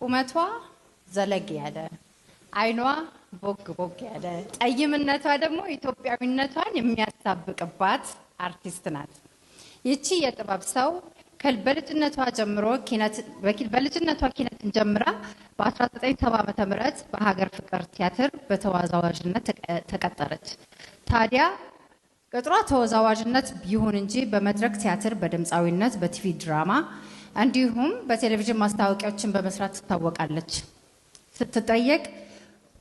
ቁመቷ ዘለግ ያለ፣ አይኗ ቦግ ቦግ ያለ፣ ጠይምነቷ ደግሞ ኢትዮጵያዊነቷን የሚያሳብቅባት አርቲስት ናት። ይቺ የጥበብ ሰው በልጅነቷ ጀምሮ በልጅነቷ ኪነትን ጀምራ በ1970 ዓ.ም በሀገር ፍቅር ቲያትር በተወዛዋዥነት ተቀጠረች። ታዲያ ቅጥሯ ተወዛዋዥነት ቢሆን እንጂ በመድረክ ቲያትር፣ በድምፃዊነት፣ በቲቪ ድራማ እንዲሁም በቴሌቪዥን ማስታወቂያዎችን በመስራት ትታወቃለች። ስትጠየቅ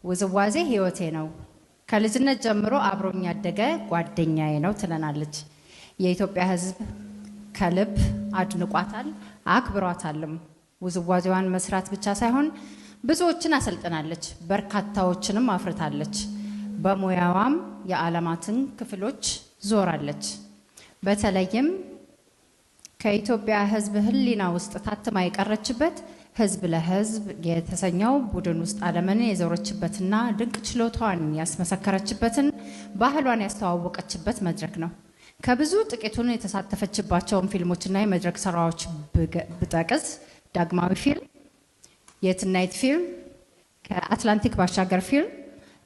ውዝዋዜ ህይወቴ ነው፣ ከልጅነት ጀምሮ አብሮኝ ያደገ ጓደኛዬ ነው ትለናለች። የኢትዮጵያ ህዝብ ከልብ አድንቋታል፣ አክብሯታልም። ውዝዋዜዋን መስራት ብቻ ሳይሆን ብዙዎችን አሰልጥናለች፣ በርካታዎችንም አፍርታለች። በሙያዋም የዓለማትን ክፍሎች ዞራለች። በተለይም ከኢትዮጵያ ሕዝብ ሕሊና ውስጥ ታትማ የቀረችበት ሕዝብ ለሕዝብ የተሰኘው ቡድን ውስጥ ዓለምን የዞረችበትና ድንቅ ችሎታዋን ያስመሰከረችበትን ባህሏን ያስተዋወቀችበት መድረክ ነው። ከብዙ ጥቂቱን የተሳተፈችባቸውን ፊልሞችና የመድረክ ስራዎች ብጠቅስ ዳግማዊ ፊልም፣ የትናይት ፊልም፣ ከአትላንቲክ ባሻገር ፊልም፣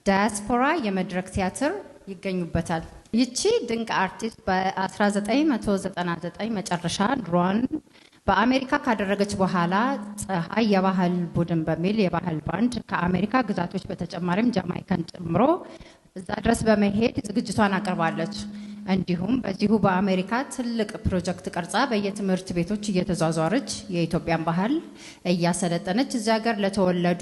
ዳያስፖራ የመድረክ ቲያትር ይገኙበታል። ይቺ ድንቅ አርቲስት በ1999 መጨረሻ ድሮን በአሜሪካ ካደረገች በኋላ ፀሐይ የባህል ቡድን በሚል የባህል ባንድ ከአሜሪካ ግዛቶች በተጨማሪም ጃማይካን ጨምሮ እዛ ድረስ በመሄድ ዝግጅቷን አቅርባለች። እንዲሁም በዚሁ በአሜሪካ ትልቅ ፕሮጀክት ቀርጻ በየትምህርት ቤቶች እየተዟዟረች የኢትዮጵያን ባህል እያሰለጠነች እዚ ሀገር ለተወለዱ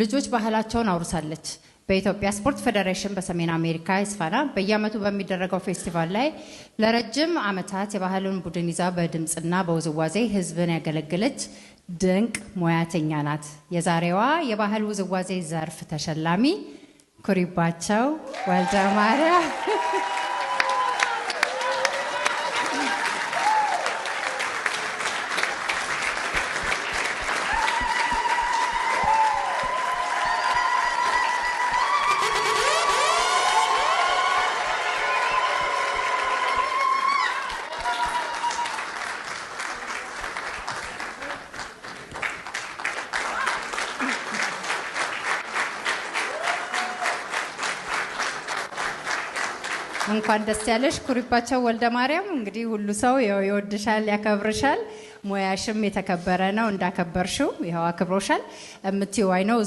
ልጆች ባህላቸውን አውርሳለች። በኢትዮጵያ ስፖርት ፌዴሬሽን በሰሜን አሜሪካ ይስፋና በየዓመቱ በሚደረገው ፌስቲቫል ላይ ለረጅም ዓመታት የባህልን ቡድን ይዛ በድምፅና በውዝዋዜ ሕዝብን ያገለግለች ድንቅ ሙያተኛ ናት። የዛሬዋ የባህል ውዝዋዜ ዘርፍ ተሸላሚ ኩሪባቸው ወልደ ማርያም እንኳን ደስ ያለሽ ኩሪባቸው ወልደ ማርያም። እንግዲህ ሁሉ ሰው ይወድሻል፣ ያከብርሻል። ሙያሽም የተከበረ ነው። እንዳከበርሽው ይኸው አክብሮሻል። እምትይው አይ ነው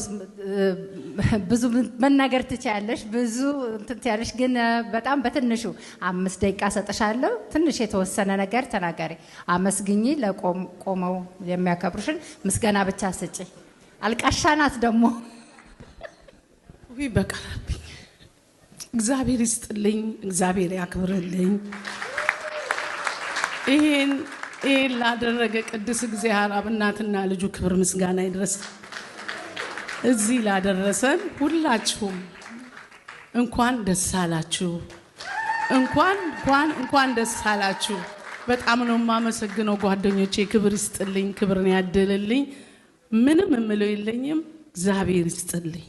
ብዙ መናገር ትችያለሽ፣ ብዙ እንትን ትያለሽ፣ ግን በጣም በትንሹ አምስት ደቂቃ ሰጥሻለሁ። ትንሽ የተወሰነ ነገር ተናገሪ፣ አመስግኚ፣ ለቆመው የሚያከብሩሽን ምስጋና ብቻ ስጪ። አልቃሻናት ደግሞ በቃ እግዚአብሔር ይስጥልኝ፣ እግዚአብሔር ያክብርልኝ። ይህን ይህን ላደረገ ቅዱስ እግዚአብሔር አብ እናትና ልጁ ክብር ምስጋና ይድረስ። እዚህ ላደረሰን ሁላችሁም እንኳን ደስ አላችሁ። እንኳን እንኳን እንኳን ደስ አላችሁ። በጣም ነው የማመሰግነው ጓደኞቼ። ክብር ይስጥልኝ፣ ክብርን ያድልልኝ። ምንም የምለው የለኝም። እግዚአብሔር ይስጥልኝ።